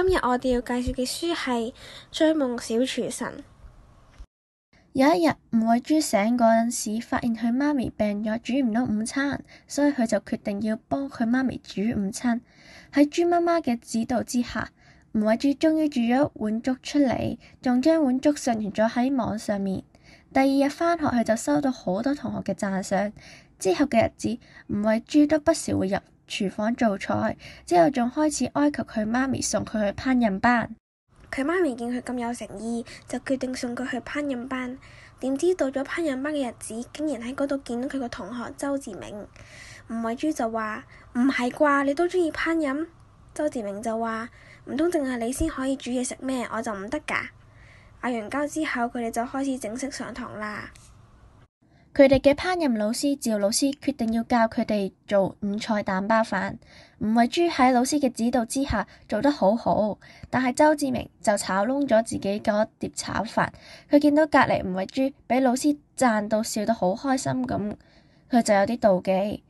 今日我哋要介紹嘅書係《追夢小廚神》。有一日，吳慧珠醒嗰陣時，發現佢媽咪病咗，煮唔到午餐，所以佢就決定要幫佢媽咪煮午餐。喺豬媽媽嘅指導之下，吳慧珠終於煮咗碗粥出嚟，仲將碗粥上傳咗喺網上面。第二日返學，佢就收到好多同學嘅讚賞。之後嘅日子，吳慧珠都不時會入廚房做菜之後，仲開始哀求佢媽咪送佢去烹飪班。佢媽咪見佢咁有誠意，就決定送佢去烹飪班。點知到咗烹飪班嘅日子，竟然喺嗰度見到佢個同學周志明。吳慧珠就話，唔係啩？你都中意烹飪。周志明就話，唔通淨係你先可以煮嘢食咩？我就唔得噶。嗌完交之後，佢哋就開始正式上堂啦。佢哋嘅烹飪老師趙老師決定要教佢哋做五彩蛋包飯。吳慧珠喺老師嘅指導之下做得好好，但係周志明就炒窿咗自己嗰碟炒飯。佢見到隔籬吳慧珠俾老師讚到笑得好開心咁，佢就有啲妒忌。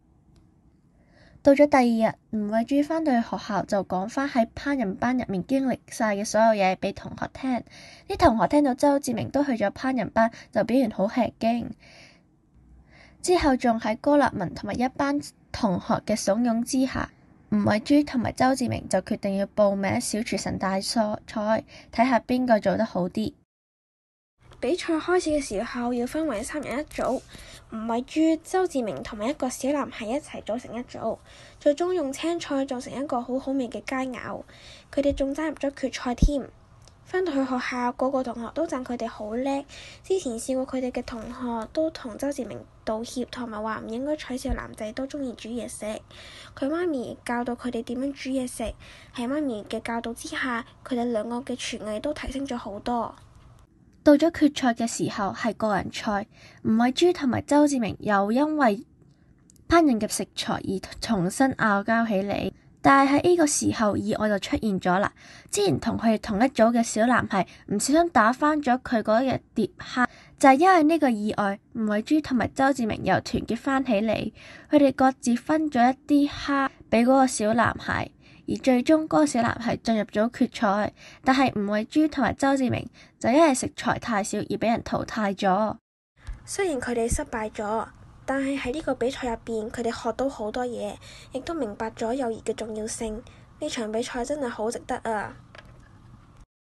到咗第二日，吳慧珠返到去學校就講翻喺烹飪班入面經歷晒嘅所有嘢畀同學聽。啲同學聽到周志明都去咗烹飪班，就表現好吃驚。之後仲喺高立文同埋一班同學嘅慫恿之下，吳偉珠同埋周志明就決定要報名小廚神大賽，睇下邊個做得好啲。比賽開始嘅時候要分為三人一組，吳偉珠、周志明同埋一個小男孩一齊組成一組，最終用青菜做成一個好好味嘅佳餚，佢哋仲加入咗決賽添。返到去學校，個個同學都讚佢哋好叻。之前試過佢哋嘅同學都同周志明道歉，同埋話唔應該取笑男仔都鍾意煮嘢食。佢媽咪教到佢哋點樣煮嘢食，喺媽咪嘅教導之下，佢哋兩個嘅廚藝都提升咗好多。到咗決賽嘅時候係個人賽，吳慧珠同埋周志明又因為烹飪嘅食材而重新拗交起嚟。但係喺呢個時候，意外就出現咗啦。之前同佢哋同一組嘅小男孩唔小心打翻咗佢嗰一碟蝦，就係因為呢個意外，吳慧珠同埋周志明又團結翻起嚟，佢哋各自分咗一啲蝦畀嗰個小男孩，而最終嗰個小男孩進入咗決賽，但係吳慧珠同埋周志明就因為食材太少而畀人淘汰咗。雖然佢哋失敗咗。但係喺呢個比賽入邊，佢哋學到好多嘢，亦都明白咗友誼嘅重要性。呢場比賽真係好值得啊！